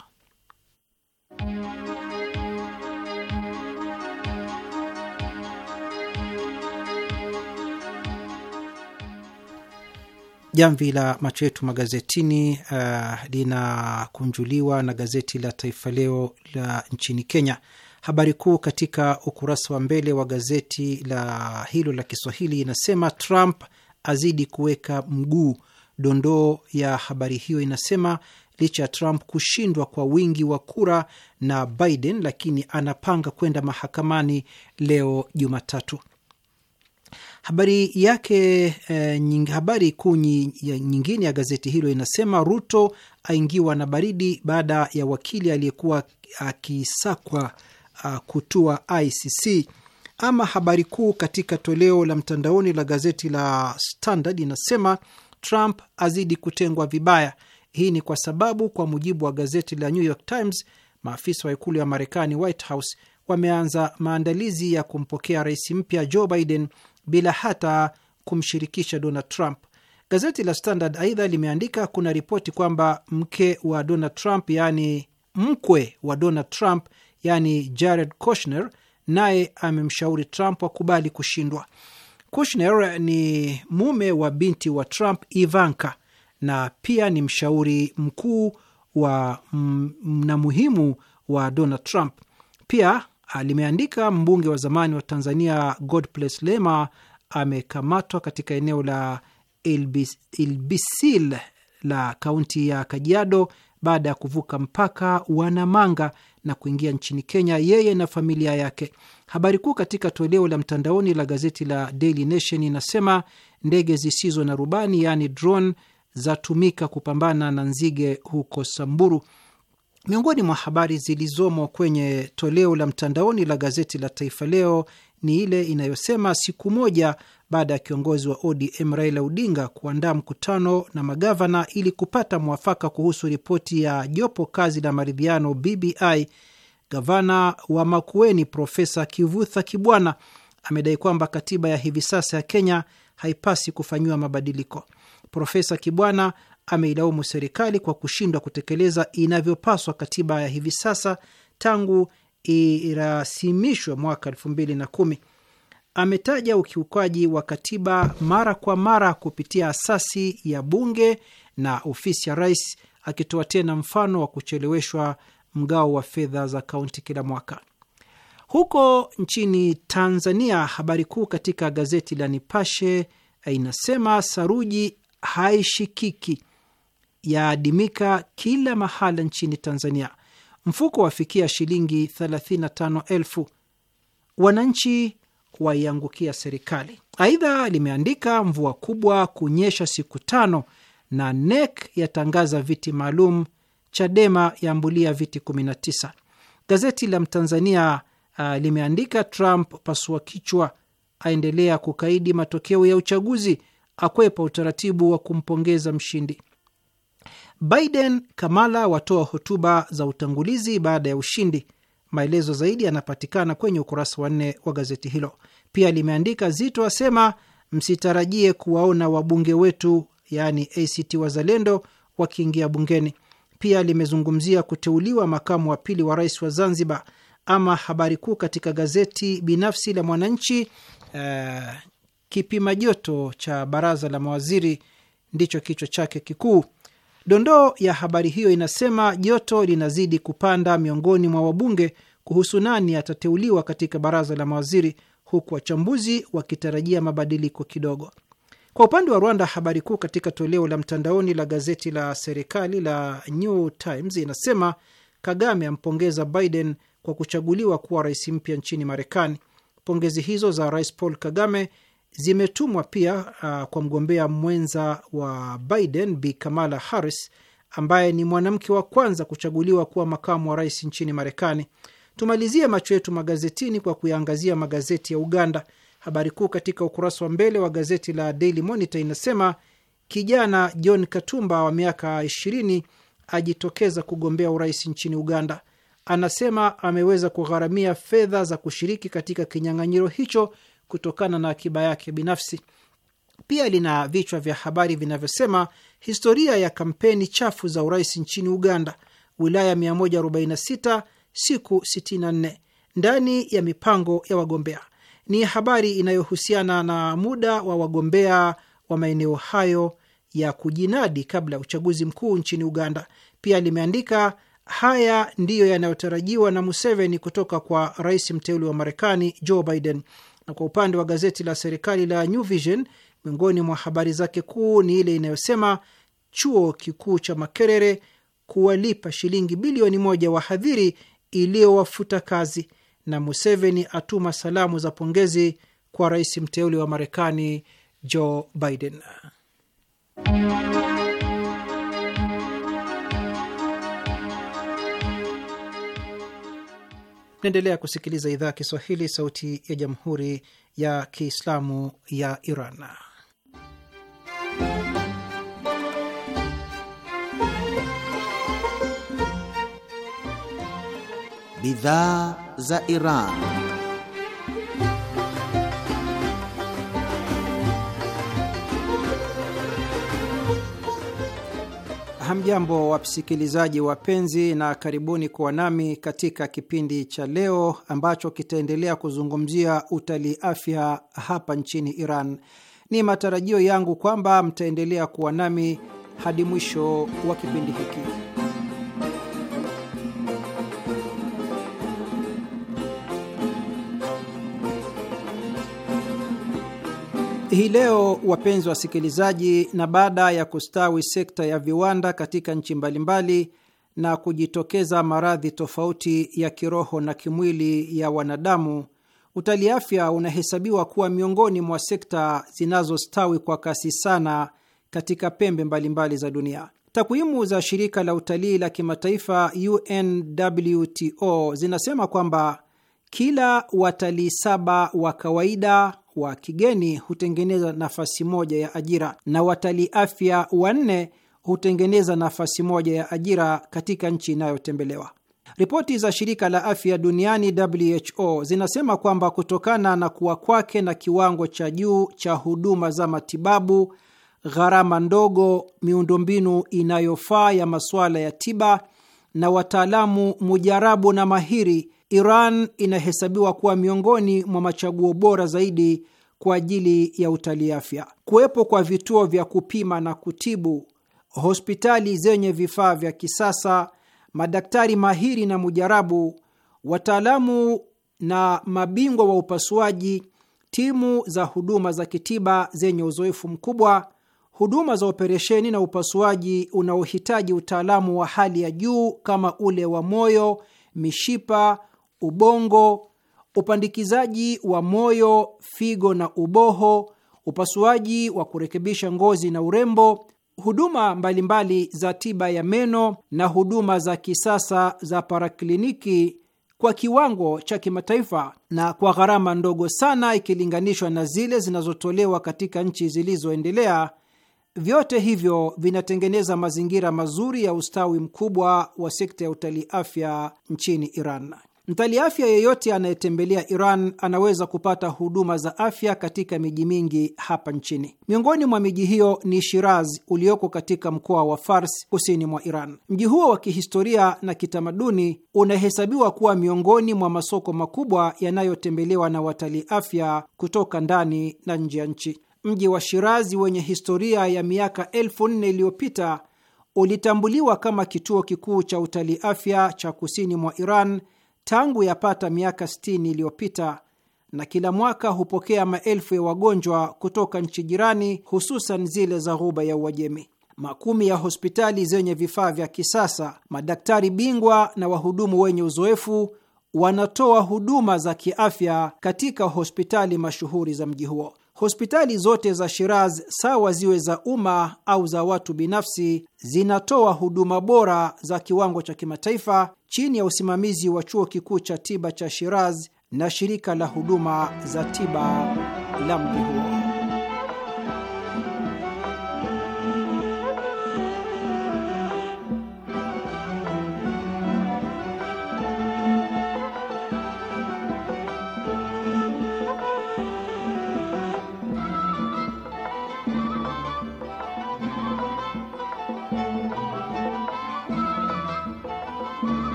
Jamvi la macho yetu magazetini uh, linakunjuliwa na gazeti la Taifa Leo la nchini Kenya. Habari kuu katika ukurasa wa mbele wa gazeti la hilo la Kiswahili inasema Trump azidi kuweka mguu. Dondoo ya habari hiyo inasema licha ya Trump kushindwa kwa wingi wa kura na Biden, lakini anapanga kwenda mahakamani leo Jumatatu. Habari yake e, nying, habari kuu nyingine ya gazeti hilo inasema Ruto aingiwa na baridi baada ya wakili aliyekuwa akisakwa ah, kutua ICC. Ama habari kuu katika toleo la mtandaoni la gazeti la Standard inasema Trump azidi kutengwa vibaya. Hii ni kwa sababu kwa mujibu wa gazeti la New York Times, maafisa wa ikulu ya Marekani, White House, wameanza maandalizi ya kumpokea rais mpya Joe Biden bila hata kumshirikisha Donald Trump. Gazeti la Standard aidha limeandika kuna ripoti kwamba mke wa Donald Trump, yani mkwe wa Donald Trump, yani Jared Kushner, naye amemshauri Trump akubali kushindwa. Kushner ni mume wa binti wa Trump, Ivanka, na pia ni mshauri mkuu wa na muhimu wa Donald Trump. Pia Ah, limeandika mbunge wa zamani wa Tanzania Godbless Lema amekamatwa katika eneo la Ilbisil la kaunti ya Kajiado baada ya kuvuka mpaka wa Namanga na kuingia nchini Kenya yeye na familia yake. Habari kuu katika toleo la mtandaoni la gazeti la Daily Nation inasema ndege zisizo na rubani yaani drone zatumika kupambana na nzige huko Samburu. Miongoni mwa habari zilizomo kwenye toleo la mtandaoni la gazeti la Taifa Leo ni ile inayosema siku moja baada ya kiongozi wa ODM Raila Odinga kuandaa mkutano na magavana ili kupata mwafaka kuhusu ripoti ya jopo kazi la maridhiano BBI, gavana wa Makueni Profesa Kivutha Kibwana amedai kwamba katiba ya hivi sasa ya Kenya haipasi kufanyiwa mabadiliko. Profesa Kibwana ameilaumu serikali kwa kushindwa kutekeleza inavyopaswa katiba ya hivi sasa tangu irasimishwe mwaka elfu mbili na kumi. Ametaja ukiukaji wa katiba mara kwa mara kupitia asasi ya bunge na ofisi ya rais, akitoa tena mfano wa kucheleweshwa mgao wa fedha za kaunti kila mwaka. Huko nchini Tanzania, habari kuu katika gazeti la Nipashe eh, inasema saruji haishikiki, yaadimika kila mahala nchini Tanzania. Mfuko wafikia shilingi 35,000 wananchi waiangukia serikali. Aidha limeandika mvua kubwa kunyesha siku tano, na NEC yatangaza viti maalum, Chadema yaambulia viti 19. Gazeti la Mtanzania uh, limeandika Trump pasua kichwa, aendelea kukaidi matokeo ya uchaguzi, akwepa utaratibu wa kumpongeza mshindi. Biden Kamala watoa hotuba za utangulizi baada ya ushindi. Maelezo zaidi yanapatikana kwenye ukurasa wa nne wa gazeti hilo. Pia limeandika Zito asema msitarajie kuwaona wabunge wetu, yaani ACT Wazalendo, wakiingia bungeni. Pia limezungumzia kuteuliwa makamu wa pili wa rais wa Zanzibar. Ama habari kuu katika gazeti binafsi la Mwananchi, uh, eh, kipima joto cha baraza la mawaziri ndicho kichwa chake kikuu. Dondoo ya habari hiyo inasema joto linazidi kupanda miongoni mwa wabunge kuhusu nani atateuliwa katika baraza la mawaziri, huku wachambuzi wakitarajia mabadiliko kidogo. Kwa upande wa Rwanda, habari kuu katika toleo la mtandaoni la gazeti la serikali la New Times inasema Kagame ampongeza Biden kwa kuchaguliwa kuwa rais mpya nchini Marekani. Pongezi hizo za Rais Paul Kagame zimetumwa pia uh, kwa mgombea mwenza wa Biden Bi Kamala Harris ambaye ni mwanamke wa kwanza kuchaguliwa kuwa makamu wa rais nchini Marekani. Tumalizie macho yetu magazetini kwa kuyaangazia magazeti ya Uganda. Habari kuu katika ukurasa wa mbele wa gazeti la Daily Monitor inasema kijana John Katumba wa miaka 20 ajitokeza kugombea urais nchini Uganda. Anasema ameweza kugharamia fedha za kushiriki katika kinyang'anyiro hicho kutokana na akiba yake binafsi. Pia lina vichwa vya habari vinavyosema historia ya kampeni chafu za urais nchini Uganda, wilaya 146 siku 64, ndani ya mipango ya wagombea. Ni habari inayohusiana na muda wa wagombea wa maeneo hayo ya kujinadi kabla ya uchaguzi mkuu nchini Uganda. Pia limeandika haya ndiyo yanayotarajiwa na Museveni kutoka kwa rais mteule wa Marekani Joe Biden. Na kwa upande wa gazeti la serikali la New Vision, miongoni mwa habari zake kuu ni ile inayosema chuo kikuu cha Makerere kuwalipa shilingi bilioni moja wahadhiri iliyowafuta kazi, na Museveni atuma salamu za pongezi kwa rais mteule wa Marekani Joe Biden. Naendelea kusikiliza idhaa ya Kiswahili, sauti ya jamhuri ya kiislamu ya Iran. Bidhaa za Iran. Hamjambo, wasikilizaji wapenzi, na karibuni kuwa nami katika kipindi cha leo ambacho kitaendelea kuzungumzia utalii afya hapa nchini Iran. Ni matarajio yangu kwamba mtaendelea kuwa nami hadi mwisho wa kipindi hiki. Hii leo wapenzi wasikilizaji, na baada ya kustawi sekta ya viwanda katika nchi mbalimbali na kujitokeza maradhi tofauti ya kiroho na kimwili ya wanadamu, utalii afya unahesabiwa kuwa miongoni mwa sekta zinazostawi kwa kasi sana katika pembe mbalimbali za dunia. Takwimu za shirika la utalii la kimataifa UNWTO zinasema kwamba kila watalii saba wa kawaida wa kigeni hutengeneza nafasi moja ya ajira na watalii afya wanne hutengeneza nafasi moja ya ajira katika nchi inayotembelewa. Ripoti za shirika la afya duniani WHO zinasema kwamba kutokana na kuwa kwake na kiwango cha juu cha huduma za matibabu, gharama ndogo, miundombinu inayofaa ya masuala ya tiba na wataalamu mujarabu na mahiri Iran inahesabiwa kuwa miongoni mwa machaguo bora zaidi kwa ajili ya utalii afya. Kuwepo kwa vituo vya kupima na kutibu, hospitali zenye vifaa vya kisasa, madaktari mahiri na mujarabu, wataalamu na mabingwa wa upasuaji, timu za huduma za kitiba zenye uzoefu mkubwa, huduma za operesheni na upasuaji unaohitaji utaalamu wa hali ya juu kama ule wa moyo, mishipa ubongo, upandikizaji wa moyo, figo na uboho, upasuaji wa kurekebisha ngozi na urembo, huduma mbalimbali mbali za tiba ya meno na huduma za kisasa za parakliniki kwa kiwango cha kimataifa na kwa gharama ndogo sana ikilinganishwa na zile zinazotolewa katika nchi zilizoendelea. Vyote hivyo vinatengeneza mazingira mazuri ya ustawi mkubwa wa sekta ya utalii afya nchini Iran. Mtali afya yeyote anayetembelea Iran anaweza kupata huduma za afya katika miji mingi hapa nchini. Miongoni mwa miji hiyo ni Shiraz ulioko katika mkoa wa Fars kusini mwa Iran. Mji huo wa kihistoria na kitamaduni unahesabiwa kuwa miongoni mwa masoko makubwa yanayotembelewa na watalii afya kutoka ndani na nje ya nchi. Mji wa Shirazi wenye historia ya miaka elfu nne iliyopita ulitambuliwa kama kituo kikuu cha utalii afya cha kusini mwa Iran tangu yapata miaka 60 iliyopita na kila mwaka hupokea maelfu ya wagonjwa kutoka nchi jirani, hususan zile za Ghuba ya Uajemi. Makumi ya hospitali zenye vifaa vya kisasa, madaktari bingwa na wahudumu wenye uzoefu wanatoa huduma za kiafya katika hospitali mashuhuri za mji huo. Hospitali zote za Shiraz, sawa ziwe za umma au za watu binafsi, zinatoa huduma bora za kiwango cha kimataifa chini ya usimamizi wa chuo kikuu cha tiba cha Shiraz na shirika la huduma za tiba la mji huo.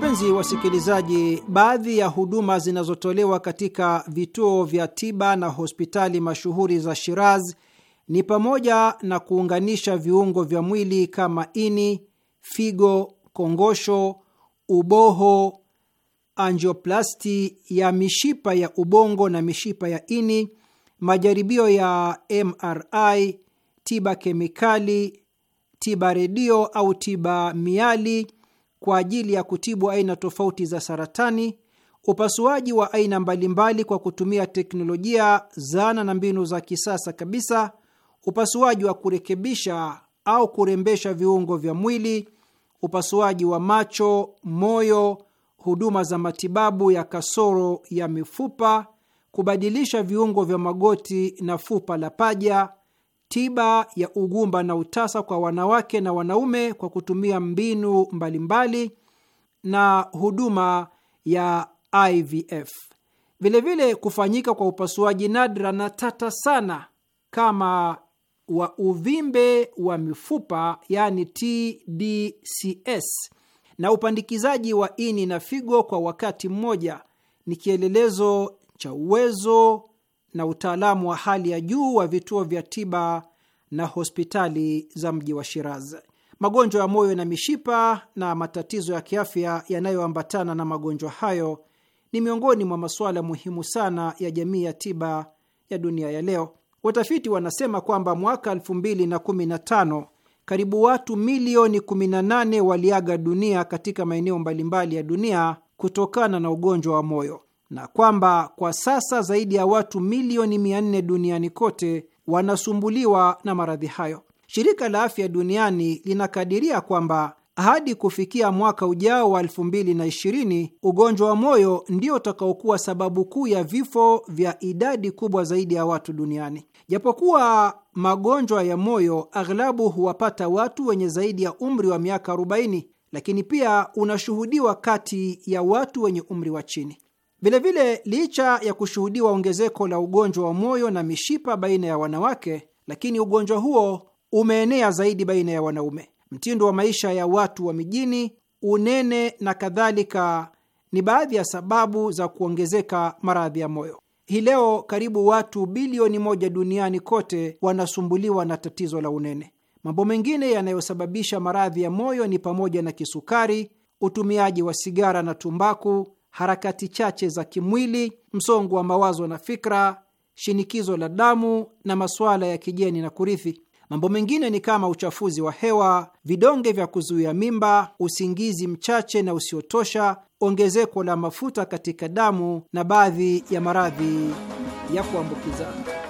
Wapenzi wasikilizaji, baadhi ya huduma zinazotolewa katika vituo vya tiba na hospitali mashuhuri za Shiraz ni pamoja na kuunganisha viungo vya mwili kama ini, figo, kongosho, uboho, angioplasti ya mishipa ya ubongo na mishipa ya ini, majaribio ya MRI, tiba kemikali, tiba redio au tiba miali kwa ajili ya kutibu aina tofauti za saratani, upasuaji wa aina mbalimbali kwa kutumia teknolojia, zana na mbinu za kisasa kabisa, upasuaji wa kurekebisha au kurembesha viungo vya mwili, upasuaji wa macho, moyo, huduma za matibabu ya kasoro ya mifupa, kubadilisha viungo vya magoti na fupa la paja tiba ya ugumba na utasa kwa wanawake na wanaume kwa kutumia mbinu mbalimbali mbali, na huduma ya IVF. Vilevile vile kufanyika kwa upasuaji nadra na tata sana kama wa uvimbe wa mifupa yani TDCS na upandikizaji wa ini na figo kwa wakati mmoja ni kielelezo cha uwezo na utaalamu wa hali ya juu wa vituo vya tiba na hospitali za mji wa Shiraz. Magonjwa ya moyo na mishipa na matatizo ya kiafya yanayoambatana na magonjwa hayo ni miongoni mwa masuala muhimu sana ya jamii ya tiba ya dunia ya leo. Watafiti wanasema kwamba mwaka 2015 karibu watu milioni 18 waliaga dunia katika maeneo mbalimbali ya dunia kutokana na ugonjwa wa moyo na kwamba kwa sasa zaidi ya watu milioni 400 duniani kote wanasumbuliwa na maradhi hayo. Shirika la Afya Duniani linakadiria kwamba hadi kufikia mwaka ujao wa 2020 ugonjwa wa moyo ndio utakaokuwa sababu kuu ya vifo vya idadi kubwa zaidi ya watu duniani. Japokuwa magonjwa ya moyo aghlabu huwapata watu wenye zaidi ya umri wa miaka 40, lakini pia unashuhudiwa kati ya watu wenye umri wa chini. Vilevile, licha ya kushuhudiwa ongezeko la ugonjwa wa moyo na mishipa baina ya wanawake, lakini ugonjwa huo umeenea zaidi baina ya wanaume. Mtindo wa maisha ya watu wa mijini, unene na kadhalika ni baadhi ya sababu za kuongezeka maradhi ya moyo. Hii leo karibu watu bilioni moja duniani kote wanasumbuliwa na tatizo la unene. Mambo mengine yanayosababisha maradhi ya moyo ni pamoja na kisukari, utumiaji wa sigara na tumbaku, harakati chache za kimwili, msongo wa mawazo na fikra, shinikizo la damu na masuala ya kijeni na kurithi. Mambo mengine ni kama uchafuzi wa hewa, vidonge vya kuzuia mimba, usingizi mchache na usiotosha, ongezeko la mafuta katika damu na baadhi ya maradhi ya kuambukizana.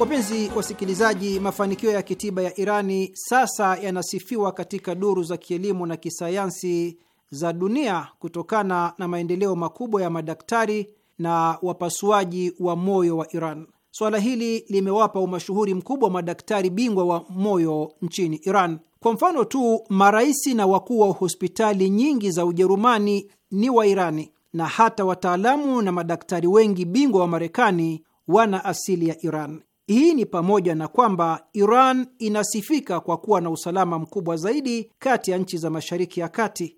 Wapenzi wasikilizaji, mafanikio ya kitiba ya Irani sasa yanasifiwa katika duru za kielimu na kisayansi za dunia kutokana na maendeleo makubwa ya madaktari na wapasuaji wa moyo wa Iran. Suala hili limewapa umashuhuri mkubwa wa madaktari bingwa wa moyo nchini Iran. Kwa mfano tu, maraisi na wakuu wa hospitali nyingi za Ujerumani ni wa Irani na hata wataalamu na madaktari wengi bingwa wa Marekani wana asili ya Iran. Hii ni pamoja na kwamba Iran inasifika kwa kuwa na usalama mkubwa zaidi kati ya nchi za Mashariki ya Kati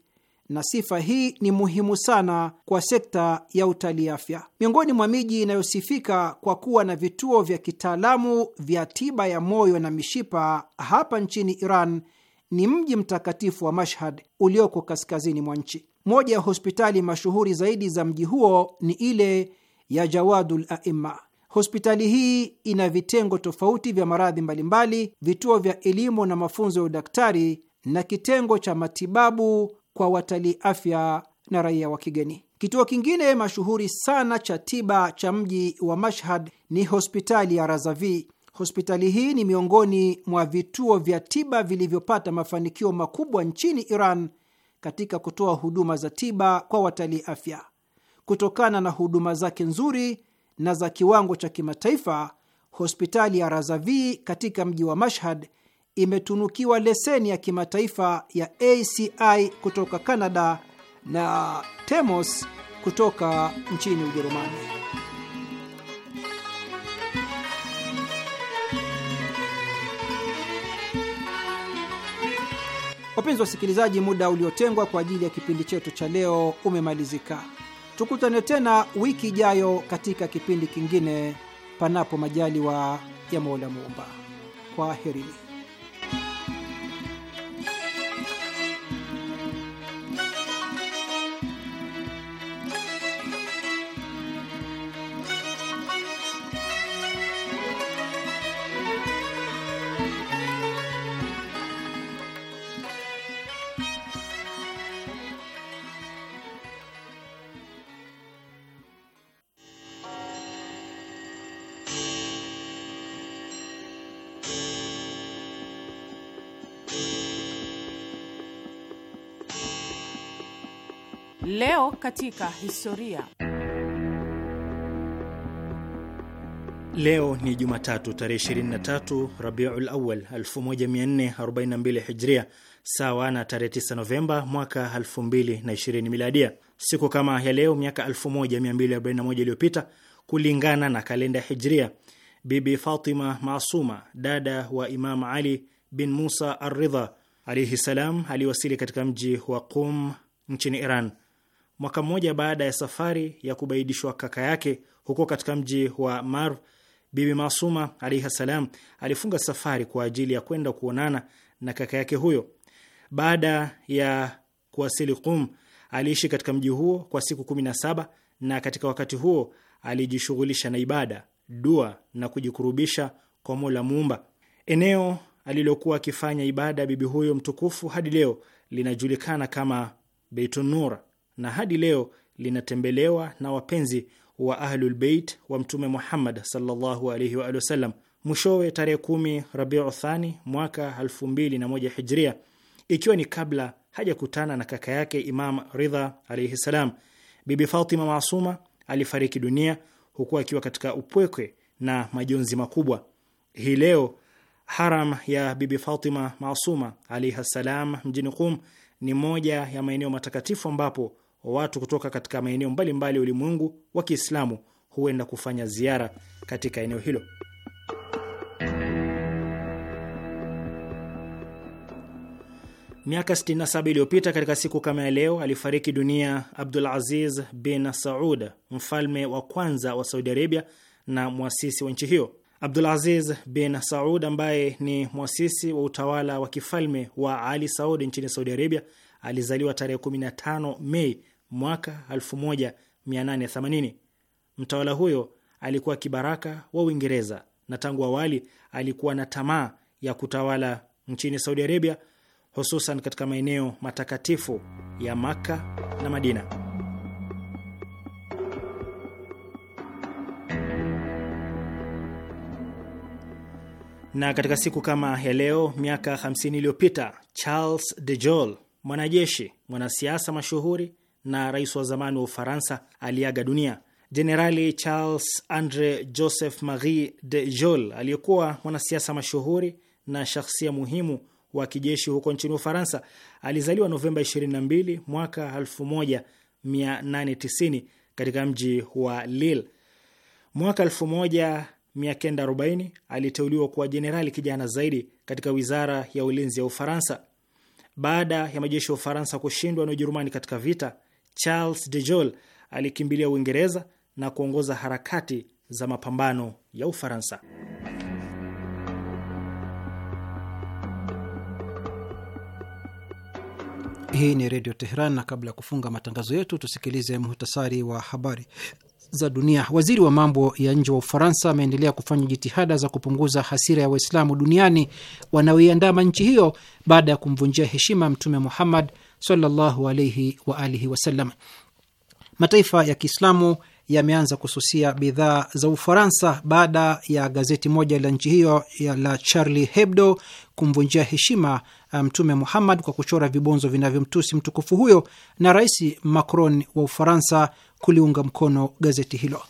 na sifa hii ni muhimu sana kwa sekta ya utalii afya. Miongoni mwa miji inayosifika kwa kuwa na vituo vya kitaalamu vya tiba ya moyo na mishipa hapa nchini Iran ni mji mtakatifu wa Mashhad ulioko kaskazini mwa nchi. Moja ya hospitali mashuhuri zaidi za mji huo ni ile ya Jawadul Aima. Hospitali hii ina vitengo tofauti vya maradhi mbalimbali, vituo vya elimu na mafunzo ya udaktari na kitengo cha matibabu kwa watalii afya na raia wa kigeni. Kituo kingine mashuhuri sana cha tiba cha mji wa Mashhad ni hospitali ya Razavi. Hospitali hii ni miongoni mwa vituo vya tiba vilivyopata mafanikio makubwa nchini Iran katika kutoa huduma za tiba kwa watalii afya. Kutokana na huduma zake nzuri na za kiwango cha kimataifa, hospitali ya Razavi katika mji wa Mashhad imetunukiwa leseni ya kimataifa ya ACI kutoka Canada na Temos kutoka nchini Ujerumani. Wapenzi wasikilizaji, muda uliotengwa kwa ajili ya kipindi chetu cha leo umemalizika. Tukutane tena wiki ijayo katika kipindi kingine, panapo majaliwa ya Mola Muumba. Kwaherini. Leo katika historia. Leo ni Jumatatu tarehe 23 Rabiul Awal 1442 Hijria, sawa na tarehe 9 Novemba mwaka 2020 Miladia. Siku kama ya leo miaka 1241 iliyopita kulingana na kalenda Hijria, Bibi Fatima Masuma, dada wa Imam Ali bin Musa Arridha alaihi salam, aliwasili katika mji wa Qum nchini Iran mwaka mmoja baada ya safari ya kubaidishwa kaka yake huko katika mji wa Marv, Bibi Masuma alaihi salam alifunga safari kwa ajili ya kwenda kuonana na kaka yake huyo. Baada ya kuwasili Qum, aliishi katika mji huo kwa siku kumi na katika wakati huo alijishughulisha na ibada, dua na kujikurubisha kwa Mola Muumba. Eneo alilokuwa akifanya ibada bibi huyo mtukufu hadi leo linajulikana kama Beitun na hadi leo linatembelewa na wapenzi wa Ahlulbeit wa Mtume Muhammad sallallahu alaihi wa Mwishowe tarehe kumi Rabiu Thani mwaka moja Hijria, ikiwa ni kabla hajakutana na kaka yake Imam Ridha alaihi salam, Bibi Fatima Masuma alifariki dunia huku akiwa katika upwekwe na majonzi makubwa. Hii leo haram ya Bibi Fatima Masuma alaihi salam mjini Qum ni moja ya maeneo matakatifu ambapo watu kutoka katika maeneo mbalimbali ya ulimwengu wa Kiislamu huenda kufanya ziara katika eneo hilo. Miaka 67 iliyopita katika siku kama ya leo alifariki dunia Abdul Aziz bin Saud, mfalme wa kwanza wa Saudi Arabia na mwasisi wa nchi hiyo. Abdul Aziz bin Saud, ambaye ni mwasisi wa utawala wa kifalme wa Ali Saud nchini Saudi Arabia, alizaliwa tarehe 15 Mei mwaka 1880. Mtawala huyo alikuwa kibaraka wa Uingereza na tangu awali alikuwa na tamaa ya kutawala nchini Saudi Arabia, hususan katika maeneo matakatifu ya Makka na Madina. Na katika siku kama ya leo miaka 50 iliyopita Charles de Gaulle, mwanajeshi, mwanasiasa mashuhuri na rais wa zamani wa Ufaransa aliaga dunia. Jenerali Charles Andre Joseph Marie de Jol aliyekuwa mwanasiasa mashuhuri na shahsia muhimu wa kijeshi huko nchini Ufaransa alizaliwa Novemba 22 mwaka 1890 katika mji wa Lille. Mwaka 1940 aliteuliwa kuwa jenerali kijana zaidi katika wizara ya ulinzi ya Ufaransa. Baada ya majeshi ya Ufaransa kushindwa na Ujerumani katika vita Charles de Gaulle alikimbilia Uingereza na kuongoza harakati za mapambano ya Ufaransa. Hii ni Redio Teheran, na kabla ya kufunga matangazo yetu tusikilize muhtasari wa habari za dunia. Waziri wa mambo ya nje wa Ufaransa ameendelea kufanya jitihada za kupunguza hasira ya Waislamu duniani wanaoiandama nchi hiyo baada ya kumvunjia heshima Mtume Muhammad sallallahu alaihi wa alihi wasallam. Mataifa ya Kiislamu yameanza kususia bidhaa za Ufaransa baada ya gazeti moja la nchi hiyo la Charlie Hebdo kumvunjia heshima uh, Mtume Muhammad kwa kuchora vibonzo vinavyomtusi mtukufu huyo na Rais Macron wa Ufaransa kuliunga mkono gazeti hilo.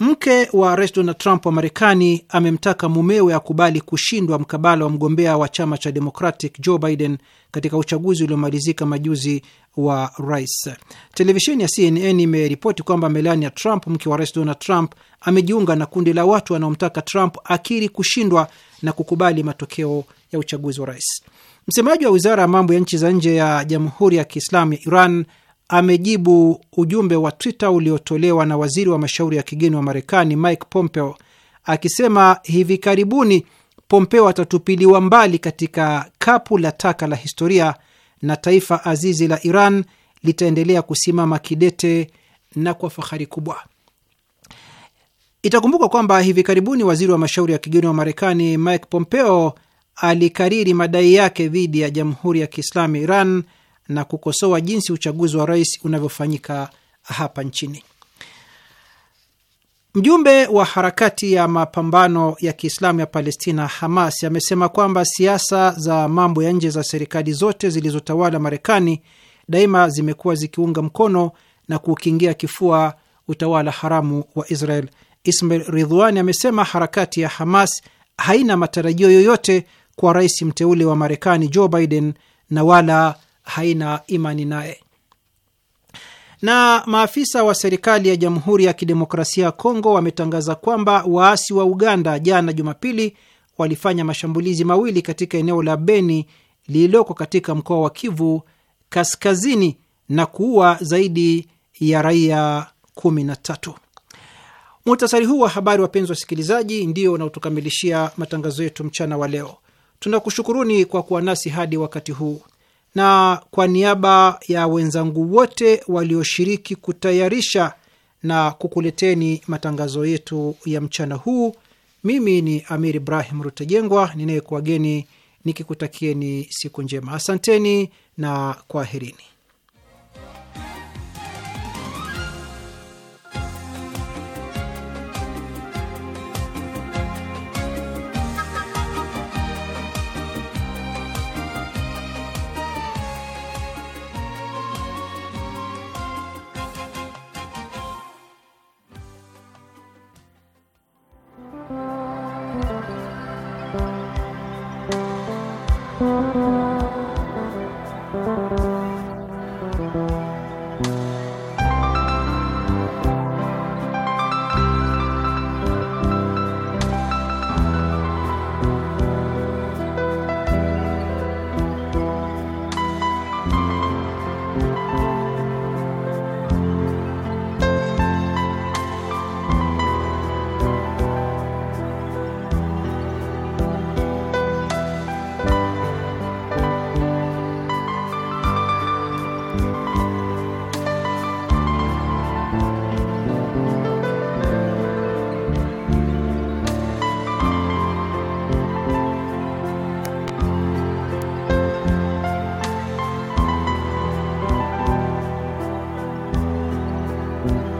Mke wa rais Donald Trump wa Marekani amemtaka mumewe akubali kushindwa mkabala wa mgombea wa chama cha Democratic Joe Biden katika uchaguzi uliomalizika majuzi wa rais. Televisheni ya CNN imeripoti kwamba Melania Trump, mke wa rais Donald Trump, amejiunga na kundi la watu wanaomtaka Trump akiri kushindwa na kukubali matokeo ya uchaguzi wa rais. Msemaji wa wizara ya mambo ya nchi za nje ya Jamhuri ya Kiislamu ya Iran amejibu ujumbe wa Twitter uliotolewa na waziri wa mashauri ya kigeni wa Marekani Mike Pompeo akisema hivi karibuni Pompeo atatupiliwa mbali katika kapu la taka la historia na taifa azizi la Iran litaendelea kusimama kidete na kwa fahari kubwa. Itakumbuka kwamba hivi karibuni waziri wa mashauri ya kigeni wa Marekani Mike Pompeo alikariri madai yake dhidi ya Jamhuri ya Kiislamu Iran na kukosoa jinsi uchaguzi wa rais unavyofanyika hapa nchini. Mjumbe wa harakati ya mapambano ya Kiislamu ya Palestina, Hamas, amesema kwamba siasa za mambo ya nje za serikali zote zilizotawala Marekani daima zimekuwa zikiunga mkono na kuukingia kifua utawala haramu wa Israel. Ismail Ridhwani amesema harakati ya Hamas haina matarajio yoyote kwa rais mteule wa Marekani Joe Biden na wala haina imani naye. Na maafisa wa serikali ya Jamhuri ya Kidemokrasia ya Kongo wametangaza kwamba waasi wa Uganda jana Jumapili walifanya mashambulizi mawili katika eneo la Beni lililoko katika mkoa wa Kivu Kaskazini na kuua zaidi ya raia kumi na tatu. Muhtasari huu wa habari, wapenzi wasikilizaji, ndio unaotukamilishia matangazo yetu mchana wa leo. Tunakushukuruni kwa kuwa nasi hadi wakati huu na kwa niaba ya wenzangu wote walioshiriki kutayarisha na kukuleteni matangazo yetu ya mchana huu, mimi ni Amir Ibrahim Rutajengwa ninayekuwageni nikikutakieni siku njema. Asanteni na kwaherini. Thank you.